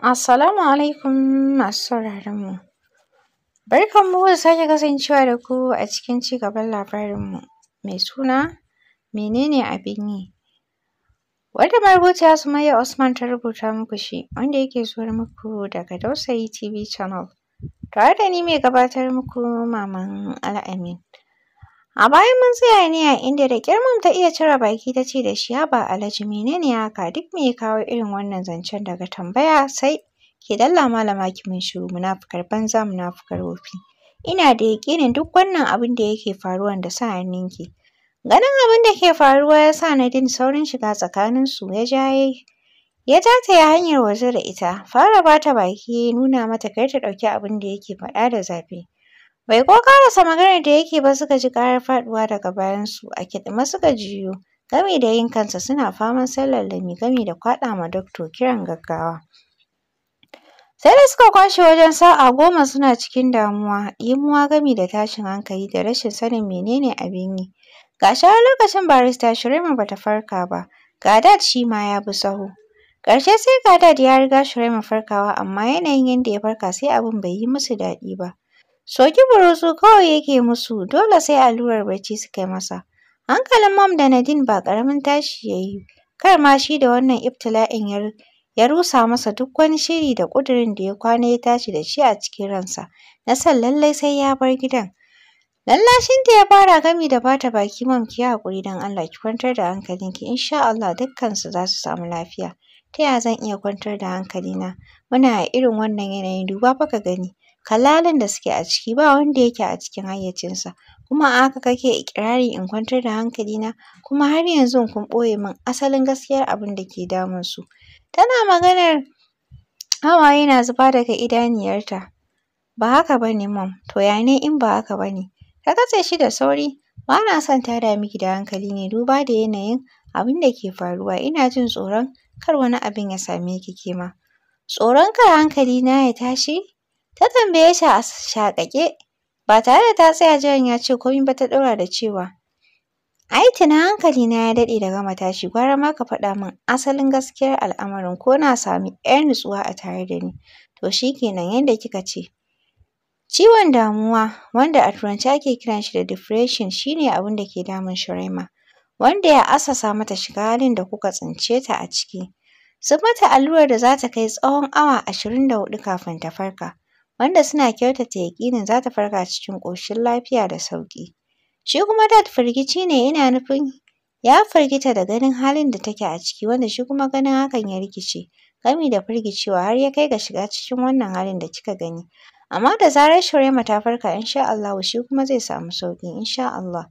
Assalamu alaikum masu sauraron mu. Barkan mu da sake kasancewa da ku a cikin cigaban labarin mu mai suna menene abin yi? Wanda marubuciya Sumayya Usman ta rubuta muku shi wanda yake zuwar muku daga Dausayi TV Channel. Tare da ni mai gabatar muku Maman Al'amin. A bayan mun tsaya ne a inda da ƙyar ta iya cire baki ta ce da shi ya ba Alhaji menene haka duk me ya kawo irin wannan zancen daga tambaya sai ki dalla malama ki mun shiru munafukar banza munafukar wofi. Ina da yaƙinin duk wannan abin da yake faruwan da sa hannunki. Ganin abin da ke faruwa ya sa na din saurin shiga tsakanin su ya ja ya ya yi hanyar waje da ita fara ba ta baki ya nuna mata kar ta ɗauki abin da yake faɗa da zafi. Bai ko ƙarasa maganar da yake ba suka ji karar faduwa daga bayansu a kiɗime suka jiyo gami da yin kansa suna faman mai gami da kwaɗa ma dokto kiran gaggawa. Sai da suka kwashe wajen sa'a goma suna cikin damuwa, muwa, gami da tashin hankali da rashin sanin menene abin yi. Ga shi har lokacin barista Shirima bata farka ba, Gadad shi ma ya bi sahu. Ƙarshe sai Gadad ya riga Shirima farkawa amma yanayin yadda ya farka sai abin bai yi musu daɗi ba. soki burusu kawai yake musu dole sai allurar bacci suka yi masa. Hankalin Mam da Nadine ba ƙaramin tashi ya yi kar ma shi da wannan ibtila'in ya rusa masa duk wani shiri da ƙudurin da ya kwana ya tashi da shi a cikin ransa na san lallai sai ya bar gidan. Lallashin ta ya fara gami da bata baki Mam ki hakuri haƙuri don Allah ki kwantar da hankalinki insha Allah dukkansu za su samu lafiya. Ta ya zan iya kwantar da hankalina muna a irin wannan yanayin duba fa ka gani Kalalin da suke a ciki ba wanda yake a cikin hayyacinsa kuma a haka kake iƙirarin in kwantar da hankalina kuma har yanzu kun ɓoye min asalin gaskiyar abin da ke su. Tana maganar hawaye na zuba daga idaniyarta. Ba haka ba ne mom, to ya ne in ba haka ba ne? Ta katse shi da sauri, ba na son tada miki da hankali ne duba da yanayin abin da ke faruwa ina jin tsoron kar wani abin ya same ki ke ma. Tsoron kar hankali na ya tashi? Ta tambaye shi a shaƙaƙe, ba tare da ta tsaya jiran ya ce komai ba ta ɗora da cewa, ai tuna hankali na ya daɗe da gama tashi gwara ma ka faɗa min asalin gaskiyar al'amarin ko na sami ‘yar nutsuwa a tare da ni. To shi kenan yadda kika ce. Ciwon damuwa wanda a turance ake kiran shi da depression shine abin da ke damun Shirema, wanda ya assasa mata shiga halin da kuka tsince ta a ciki. Sun mata allurar da za ta kai tsawon awa ashirin da hudu kafin ta farka, wanda suna kyautata yaƙinin za ta farka cikin ƙoshin lafiya da sauƙi. Shi kuma Dad firgici ne yana nufin ya firgita da ganin halin da take a ciki wanda shi kuma ganin hakan ya rikice gami da firgicewa har ya kai ga shiga cikin wannan halin da kika gani. Amma da zarar Shirema ta farka insha Allahu shi kuma zai samu sauƙi insha Allah.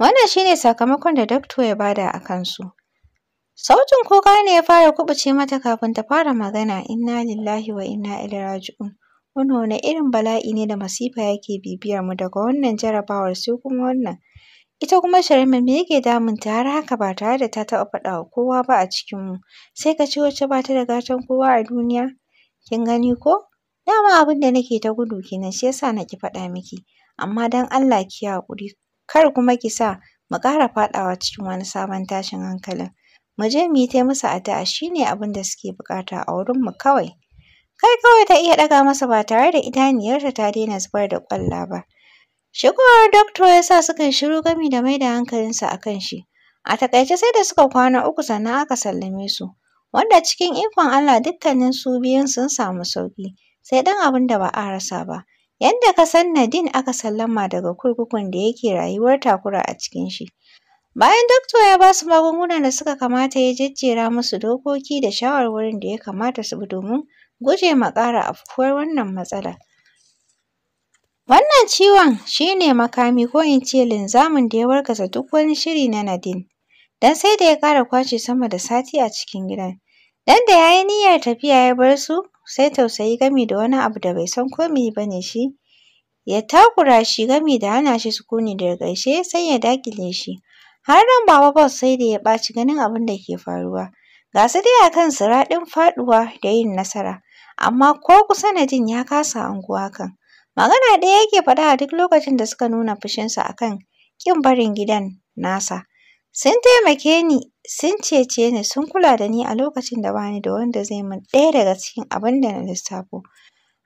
Wannan shi ne sakamakon da dakto ya bada a kansu. Sautin kuka ne ya fara kuɓuce mata kafin ta fara magana, inna lillahi wa inna ilaihi raji'un. Wani irin bala'i ne da masifa yake bibiyar mu daga wannan jarabawar sai kuma wannan. Ita kuma Sharima me yake damunta har haka ba tare da ta taɓa faɗa wa kowa ba a cikin mu sai ka ce wacce ba ta da gatan kowa a duniya. Kin gani ko? Dama abin da nake ta gudu kenan shi yasa na ki faɗa miki, amma don Allah ki yi haƙuri, kar kuma ki sa mu ƙara faɗawa cikin wani sabon tashin hankalin. mu je mu yi ta musu addu'a shi ne abin da suke buƙata a mu kawai. Kai kawai ta iya ɗaga masa ba tare da idaniyarta ta daina zubar da ƙwalla ba. Shigowar doctor ya sa suka shiru gami da mai da hankalinsa a kan shi. A taƙaice sai da suka kwana uku sannan aka sallame su, wanda cikin ikon Allah dukkanin su biyun sun samu sauƙi, sai ɗan abin da ba a rasa ba. yanda ka san Nadine aka sallama daga kurkukun da yake rayuwar takura a cikin shi. Bayan dokto ya ba su magungunan da suka kamata ya jejjera musu dokoki da shawarwarin da ya kamata su bi domin guje ma ƙara afkuwar wannan matsala. Wannan ciwon shi ne makami ko in ce linzamin da ya wargaza duk wani shiri na Nadine, don sai da ya ƙara kwashe sama da sati a cikin gidan. Dan da ya yi niyyar tafiya ya bar su, sai tausayi gami da wani abu da bai san ko meye ba ne shi, ya takura shi gami da hana shi sukuni daga ƙarshe sai ya daƙile shi. Har nan Baba Boss sai da ya ɓaci ganin abin da ke faruwa. Ga su dai a kan siraɗin faɗuwa da yin nasara, amma ko kusa na jin ya kasa anguwa kan. Magana ɗaya yake faɗa a duk lokacin da suka nuna fushinsa a kan ƙin barin gidan nasa. Sun taimake ni, sun cece ni, sun kula da ni a lokacin da ba ni da wanda zai min ɗaya daga cikin abin da na lissafo.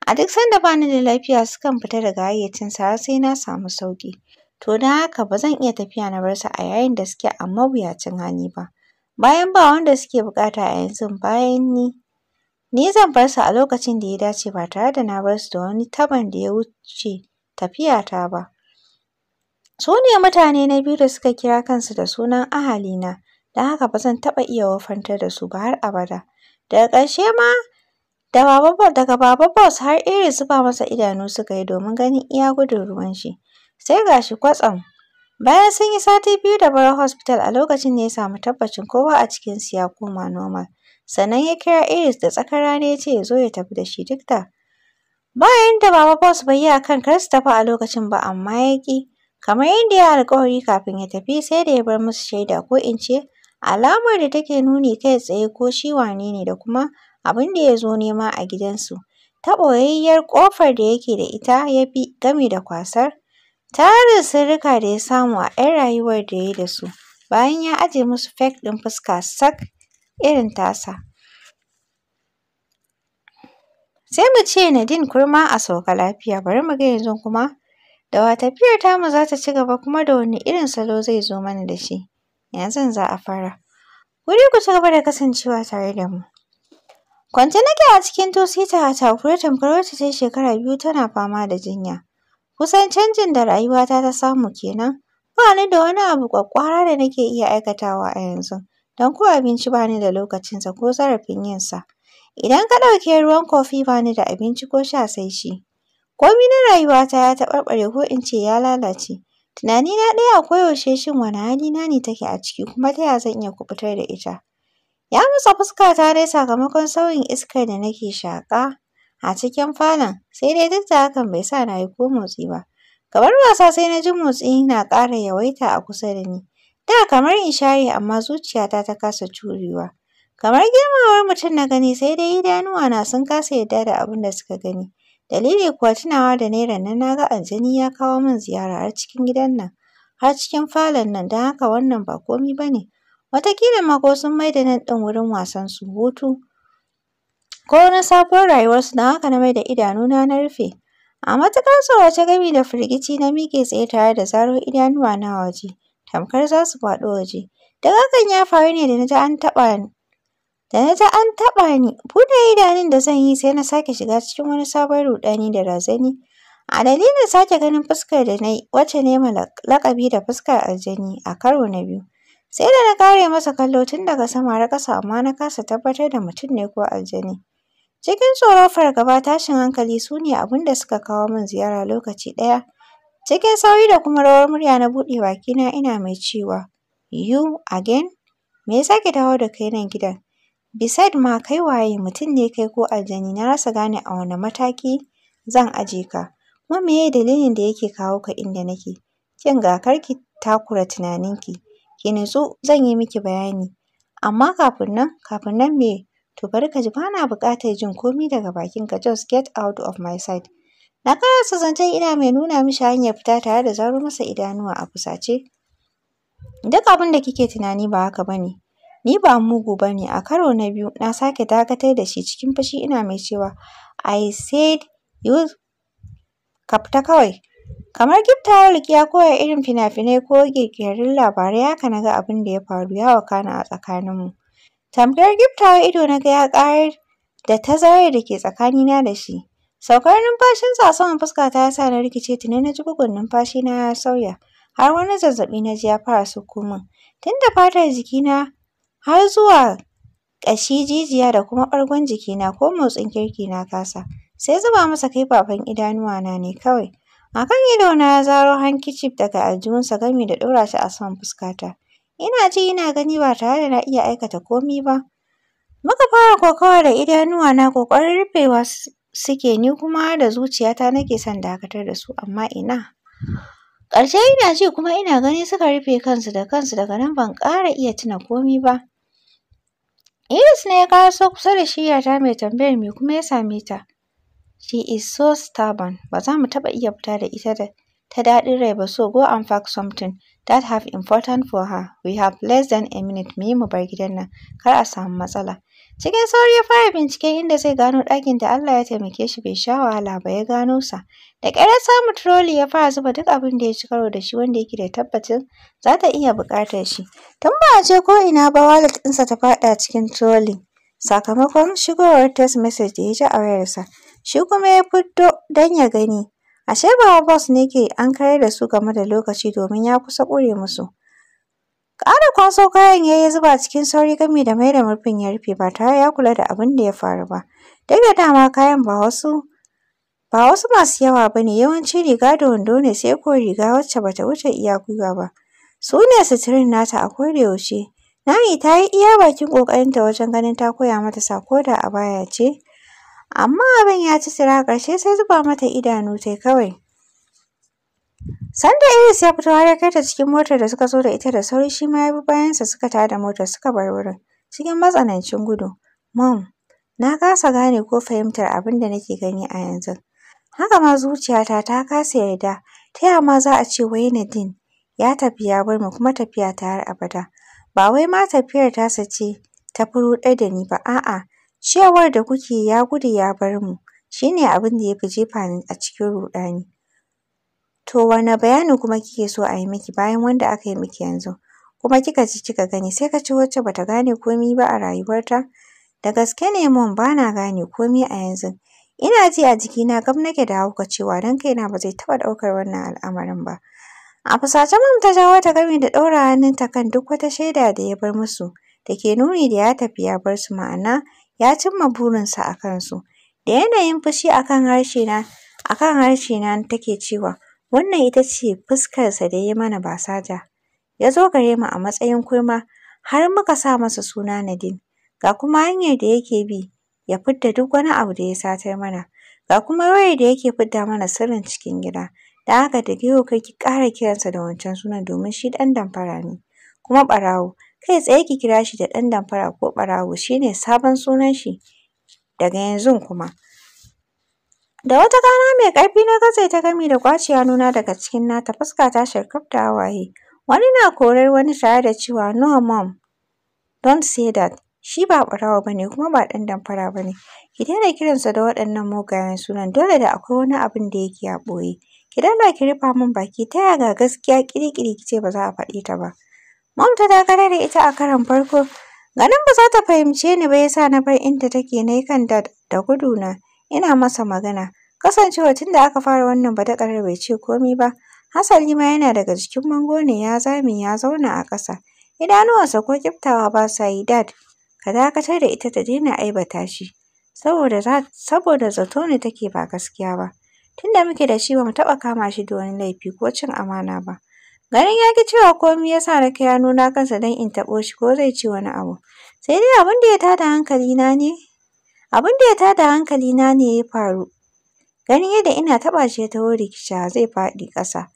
A duk sanda bani da lafiya sukan fita daga hayyacinsa har sai na samu sauƙi. to don haka ba zan iya tafiya na barsa a yayin da suke a mawuyacin hali ba. Bayan ba wanda suke bukata a yanzu bayan ni, ni zan barsa a lokacin da ya dace ba tare da na barsu da wani tabon da ya wuce tafiyata ba. Su ne mutane na biyu da suka kira kansu da sunan ahalina, don haka ba zan taɓa iya wofantar da su ba har abada. Daga ƙarshe ma daga baba Boss har irin zuba masa idanu suka yi domin ganin iya gudun ruwan shi. sai ga shi kwatsam bayan sun yi sati biyu da barin hospital a lokacin ne ya samu tabbacin kowa a cikin cikinsu ya koma normal sannan ya kira Iris da tsakar rana ya ce ya zo ya tafi da shi duk da ba yanda baba boss bai yi akan kar tafi a lokacin ba amma ya ƙi kamar yadda ya alƙawari kafin ya tafi sai da ya bar musu shaida ko in ce alamar da take nuni kai tsaye ko shi wane ne da kuma abin da ya zo nema a gidansu ta ɓoyayyiyar ƙofar da yake da ita ya bi gami da kwasar tarin sirrika da ya samu a 'yan rayuwar da ya da su bayan ya aje musu fake ɗin fuska sak irin tasa. Sai mu ce Nadine kurma a sauka lafiya bari mu ga yanzu kuma da wa tafiyar tamu za ta ci gaba kuma da wani irin salo zai zo mana da shi yanzu za a fara. Wuri ku ci gaba da kasancewa tare da mu. Kwance nake a cikin two-seater a takure tamkar wacce ta shekara biyu tana fama da jinya. Kusan canjin da rayuwata ta samu kenan. Ba ni da wani abu ƙwaƙƙwara da nake iya aikatawa a yanzu, don ko abinci ba ni da lokacinsa ko zarafin yinsa. Idan ka ɗauke ruwan kofi ba ni da abinci ko sha sai shi. Komai na rayuwata ya taɓarɓare ko in ce ya lalace. Tunanina ɗaya a koyaushe shin wane halina ne take a ciki kuma ta ya zan iya kuɓutar da ita. Ya matsa fuskata dai sakamakon sauyin iskar da nake shaƙa. a cikin falon, sai dai duk da hakan bai sa na yi ko motsi ba. Kamar wasa sai na ji motsi na ƙara yawaita a kusa da ni. Da kamar in amma zuciyata ta kasa jurewa. Kamar girmawar mutum na gani sai dai na sun kasa yadda da abin da suka gani. Dalili kuwa tunawa da Nairan nan na ga aljani ya kawo min ziyara har cikin gidan nan, har cikin falon nan don haka wannan ba komi ba ne. Wataƙila ma ko sun maida nan ɗin wurin wasan su hutu. Ko wani sabuwar rayuwarsu don haka na mai da idanuna na rufe. A matuƙar tsorace gami da firgici na miƙe tsaye tare da zaro na waje, tamkar za su faɗo waje. Duk hakan ya faru ne da na ji an taɓa ni. Da na ji an taɓa ni, buɗe idanun da zan yi sai na sake shiga cikin wani sabon ruɗani da razani. A dalilin sake ganin fuskar da na yi, wacce na yi ma laƙabi da fuskar aljani a karo na biyu. Sai da na kare masa kallo tun daga sama har ƙasa amma na kasa tabbatar da mutum ne ko aljani. Cikin tsoro fargaba tashin hankali su ne abin da suka kawo min ziyara lokaci ɗaya. Cikin sauyi da kuma rawar murya na buɗe bakina ina mai cewa, “You again? Me ya sake dawo da kai nan gidan? Beside ma kai waye mutum ne kai ko aljani na rasa gane a wane mataki zan aje ka, kuma meye dalilin da yake kawo ka inda nake? Kin ga kar ki takura tunaninki, ki nutsu zan yi miki bayani. Amma kafin nan, kafin nan me To bari ka ji ba na buƙatar jin komi daga bakinka just get out of my sight. Na karasa zancen ina mai nuna mishi hanyar fita tare da zaro masa idanuwa a fusace. Duk abin da kike tunani ba haka ba ne. Ni ba mugu ba ne. A karo na biyu na sake dakatar da shi cikin fushi ina mai cewa I said you ka fita kawai. Kamar giftawar ya koya irin fina-finai ko ƙirƙirarrun labarai haka na ga abin da ya faru ya wakana a tsakaninmu. Tamkar giftawa ido na ga ya ƙarar da ta zarar da ke tsakanina da shi. Saukar numfashinsa a saman fuskata ya sa na rikice tuni na ji bugun numfashina ya sauya. Har wani zazzaɓi na ji ya fara sauko min. Tun da fatar jikina har zuwa ƙashi, jijiya da kuma ɓargon jikina ko motsin kirki na kasa. Sai zuba masa kai kaifafan idanuwana ne kawai. A kan na ya zaro hankicif daga aljihunsa gami da ɗora shi a saman fuskata. Ina ji ina gani ba tare da na iya aikata komi ba. Muka fara kokawa da idanuwa na ƙoƙarin rufewa suke ni kuma da zuciyata nake son dakatar da su amma ina. Ƙarshe ina ji kuma ina gani suka rufe kansu da kansu daga nan ban ƙara iya tuna komi ba. Iris ne ya ƙaraso kusa da shiyata mai tambayar me kuma ya same ta. She is so stubborn ba za mu taɓa iya fita da ita da ta daɗin rai ba so go and pack something that have important for her. We have less than a minute mu yi mu bar gidan nan kar a samu matsala. Cikin sauri ya fara binciken inda zai gano ɗakin da Allah ya taimake shi bai sha wahala ba ya gano sa. Da ƙarar samun samu trolley ya fara zuba duk abin da ya ci karo da shi wanda yake da tabbacin za ta iya buƙatar shi. Tun ba a je ina ba wallet ɗinsa ta faɗa cikin trolley. Sakamakon shigowar text message da ya ji a wayarsa. Shi kuma ya fito don ya gani. Ashe ba Boss ne ke an kayar da su game da lokaci domin ya kusa kure musu. Ƙara kwaso kayan ya yi zuba cikin sauri gami da mai da murfin ya rufe ba tare ya kula da abin da ya faru ba. Duk da dama kayan ba wasu ba wasu masu yawa ba ne yawanci riga da wando ne sai ko riga wacce ba ta wuce iya gwiwa ba. Su ne suturin nata a kodayaushe. Nami ta yi iya bakin ƙoƙarinta wajen ganin ta koya mata sako da abaya ce. amma abin ya ci tsira ƙarshe sai zuba mata idanu tai kawai. Sanda Iris ya fito har ya kai ta cikin motar da suka zo da ita da sauri shi ma ya bi bayansa suka da motar suka bar wurin cikin matsanancin gudu. Mom, na kasa gane ko fahimtar abin da nake gani a yanzu. Haka ma zuciyata ta kasa yarda ta ya ma za a ce wai Nadine ya tafi ya bar mu kuma tafiya ta har abada. Ba wai ma tafiyar tasa ce ta fi da ni ba a'a Ciyawar da kuke ya gudu ya bar mu shi ne abin da ya fi jefa ni a cikin ruɗani. To wane bayani kuma kike so a yi miki bayan wanda aka yi miki yanzu? Kuma kika ji kika gani sai ka ce wacce ba ta gane komi ba a rayuwarta? Da gaske ne mun ba na gane komi a yanzu. Ina ji a jikina gab nake hauka cewa don kaina ba zai taɓa ɗaukar wannan al'amarin ba. A fusace mun ta jawo ta gami da ɗaura hannunta kan duk wata shaida da ya bar musu da ke nuni da ya tafi ya bar su ma'ana ya cimma burinsa a kansu. Da yanayin fushi a kan harshena a kan harshena take cewa, wannan ita ce fuskarsa da ya mana basaja. Ya zo gare mu a matsayin kurma har muka sa masa suna Nadine, ga kuma hanyar da yake bi ya fidda duk wani abu da ya satar mana, ga kuma wayar da yake fidda mana sirrin cikin gida. Don haka da yau kar ki ƙara kiransa da wancan sunan domin shi ɗan damfara ne, kuma ɓarawo. kai tsaye ki kira shi da ɗan damfara ko ɓarawo shi ne sabon sunan shi daga yanzu kuma. Da wata rana mai ƙarfi na katse ta gami da ƙwace hannuna daga cikin nata fuska ta sharkaf da hawaye. Wani na korar wani tare da cewa no mom don't say that shi ba ɓarawo ba ne kuma ba ɗan damfara ba ne. Ki daina kiransa da waɗannan mugayen sunan dole da akwai wani abun da yake a ɓoye. Ki daina ki rufa min baki ta yaya ga gaskiya ƙiri kice ba za a faɗe ta ba. Mom ta dakatar da ita a karon farko. Ganin ba za ta fahimce ni ba yasa na bar inda take na yi kan da gudu na. Ina masa magana. Kasancewa tun da aka fara wannan badakarar bai ce komai ba. Hasali ma yana daga jikin bango ne ya zame ya zauna a ƙasa. Idanuwansa ko kiftawa ba sa yi dad. Ka dakatar da ita ta daina aibata shi. Saboda saboda zato ne take ba gaskiya ba. Tunda muke da shi ba mu taɓa kama shi da wani laifi ko cin amana ba. Garin ya ƙi cewa komai ya sa na kai hannuna kansa don in taɓo shi ko zai ce wani abu. Sai dai abin da ya tada hankali na ne abin da ya tada hankalina ne ya faru. Ganin yadda ina taɓa shi ya taho rikici zai faɗi ƙasa.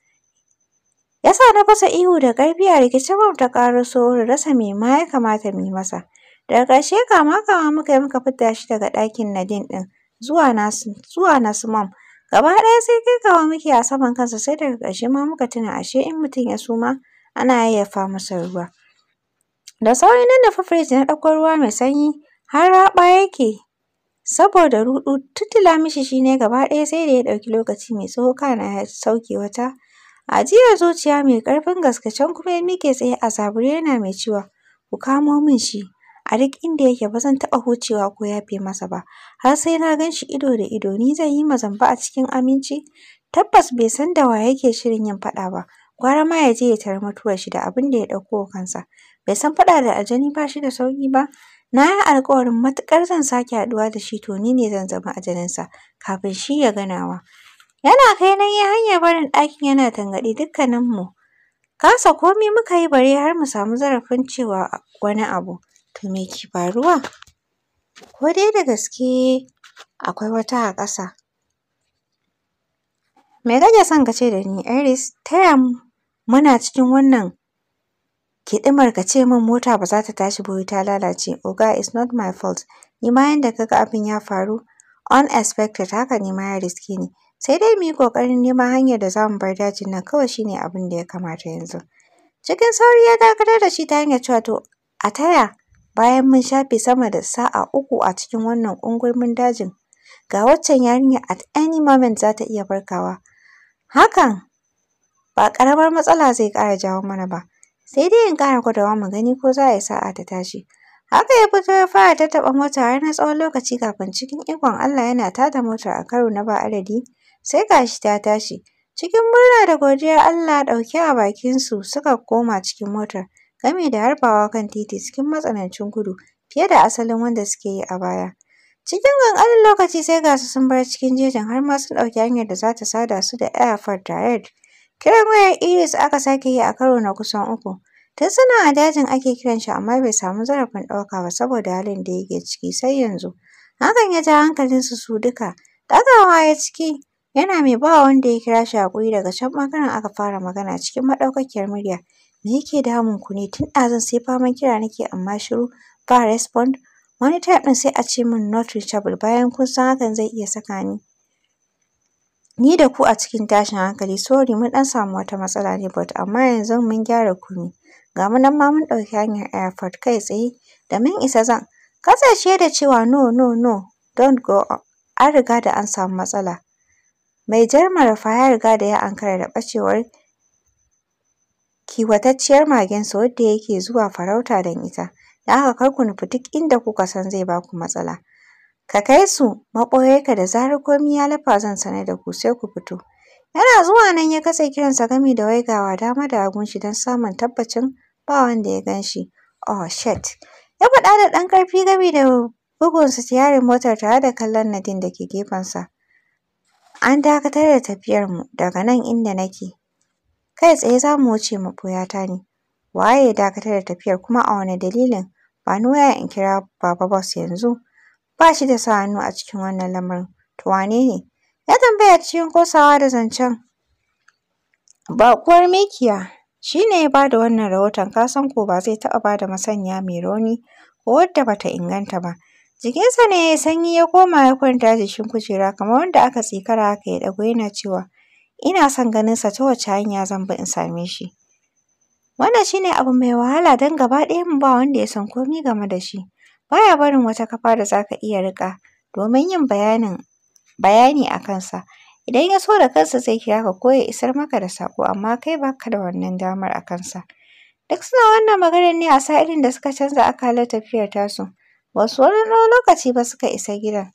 Ya sa na fasa ihu da ƙarfi a rikici ban ta so wurin rasa me ma ya kamata mu yi masa. Daga ƙarshe kama-kama muka yi muka fidda shi daga ɗakin Nadine ɗin zuwa nasu zuwa nasu Gaba ɗaya sai kawo muke a saman kansa sai daga ƙarshe ma muka tuna ashe in mutum ya suma ana yayyafa masa ruwa. Da sauri na nufi firiji na ɗauko ruwa mai sanyi har raɓa yake saboda ruɗu tutula mishi shi ne gaba ɗaya sai da ya ɗauki lokaci mai tsawo kana ya sauke wata ajiyar zuciya mai ƙarfin gaske can kuma ya miƙe tsaye a zabure yana mai cewa ku kamo min shi. A duk inda yake ba zan taɓa hucewa ko yafe masa ba, har sai na gan shi ido da ido ni zan yi ma zamba a cikin aminci. Tabbas bai san da wa yake shirin yin faɗa ba, gwara ma ya je ya tari da abin da ya ɗauko wa kansa. Bai san faɗa da aljani ba shi da sauki ba. Na yi alƙawarin matuƙar zan sake haɗuwa da shi to ni ne zan zama ajalinsa kafin shi ya ga nawa. Yana kai nan ya hanyar barin ɗakin yana tangaɗi dukkaninmu. Kasa komai muka yi bare har mu samu zarafin cewa wani abu. To me ke faruwa? Ko dai da gaske akwai wata a ƙasa? Me kake son ka ce da ni Iris? Taya muna cikin wannan kiɗimar ka ce min mota ba za ta tashi ba wai ta lalace. Oga it's not my fault. Ni ma yanda ka ga abin ya faru unexpected haka ni ma ya riske ni. Sai dai mu yi ƙoƙarin neman hanyar da za mu bar dajin nan kawai shi ne abin da ya kamata yanzu. Cikin sauri ya dakatar da shi ta hanyar cewa to a taya Bayan mun shafe sama da sa'a uku a cikin wannan ƙungurmin dajin, ga waccan yarinya at any moment za ta iya farkawa. Hakan ba ƙaramar matsala zai ƙara jawo mana ba. Sai dai in kara gwadawa mu gani ko za a yi sa'a ta tashi. Haka ya fito ya fara tattaɓa mota har na tsawon lokaci kafin cikin ikon Allah yana tada motar a karo na ba adadi, sai gashi ta tashi. Cikin murna da godiyar Allah ɗauke a bakin su suka koma cikin motar. gami da harbawa kan titi cikin matsanancin gudu fiye da asalin wanda suke yi a baya. Cikin ƙanƙanin lokaci sai gasu sun bar cikin jejin har ma sun ɗauki hanyar da za ta sada su da Airport Direct. Kiran wayar Iris aka sake yi a karo na kusan uku. Tun suna a dajin ake kiran shi amma bai samu zarafin ɗauka ba saboda halin da yake ciki sai yanzu. Hakan ya ja hankalin su su duka. Ɗagawa ya ciki Yana mai ba wa wanda ya kira shi haƙuri daga can ɓangaren aka fara magana cikin maɗaukakiyar murya. Me yake damun ku ne? Tun ɗazun sai faman kira nake amma shiru ba respond. Wani time ɗin sai a ce min not reachable bayan kun san hakan zai iya saka ni. Ni da ku a cikin tashin hankali sorry mun ɗan samu wata matsala ne but amma yanzu mun gyara kunu Ga mu nan ma mun ɗauki hanyar airport kai tsaye da mun isa zan kasashe da cewa no no no don't go an riga da an samu matsala. Mai jarmar fayar ya riga da ya ankara da bacewar kiwatacciyar magensa wadda yake zuwa farauta don ita, da haka kar ku nufi duk inda kuka san zai ba ku matsala. Ka kai su maɓoyarka da zarar komai ya lafa zan sanar da ku sai ku fito. Yana zuwa nan ya katse kiransa gami da waigawa dama da hagun shi don samun tabbacin ba wanda ya gan shi. Oh shit! Ya faɗa da ɗan ƙarfi gami da bugun yarin motar tare da kallon nadin da ke gefensa. An dakatar da tafiyarmu daga nan inda nake. Kai tsaye za mu wuce maɓoyata ne. Waye ya dakatar da tafiyar kuma a wane dalilin? Ba ni waya in kira Baba Boss yanzu. Ba shi da sa hannu a cikin wannan lamarin. To wane ne? Ya tambaya cikin kosawa da zancen. Baƙuwar mikiya shi ne ya bada wannan rahoton, ka san ko ba zai taɓa bada masanya masaniya mai rauni ko wadda bata inganta ba Jikinsa ne ya sanyi ya koma ya kwanta jikin kujera kamar wanda aka tsikara aka yi ɗago yana cewa, ina son ganinsa ta wace hanya zan bi in same shi. Wannan shi ne abu mai wahala don gaba ɗaya ɗayanmu ba wanda ya san komi game da shi. Ba ya barin wata kafa da za ka iya riƙa domin yin bayanin bayani a kansa. Idan ya so da kansa zai kira ka ko ya isar maka da sako, amma kai ba ka da wannan damar a kansa. Duk suna wannan maganar ne a sa'ilin da suka canza akalar tafiyar tasu. Wasu wani lokaci ba suka isa gidan.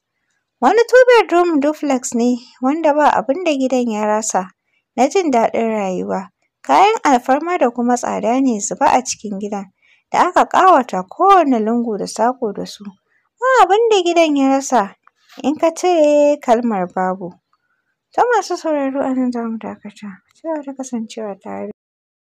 Wani two bedroom duplex ne wanda ba abin gidan ya rasa na jin daɗin rayuwa. Kayan alfarma da kuma tsada ne zuba a cikin gidan da aka ƙawata kowane lungu da saƙo da su. Ba abin gidan ya rasa in ka cire kalmar babu. Ta masu sauraro a nan za mu dakata. cewa ta kasancewa tare.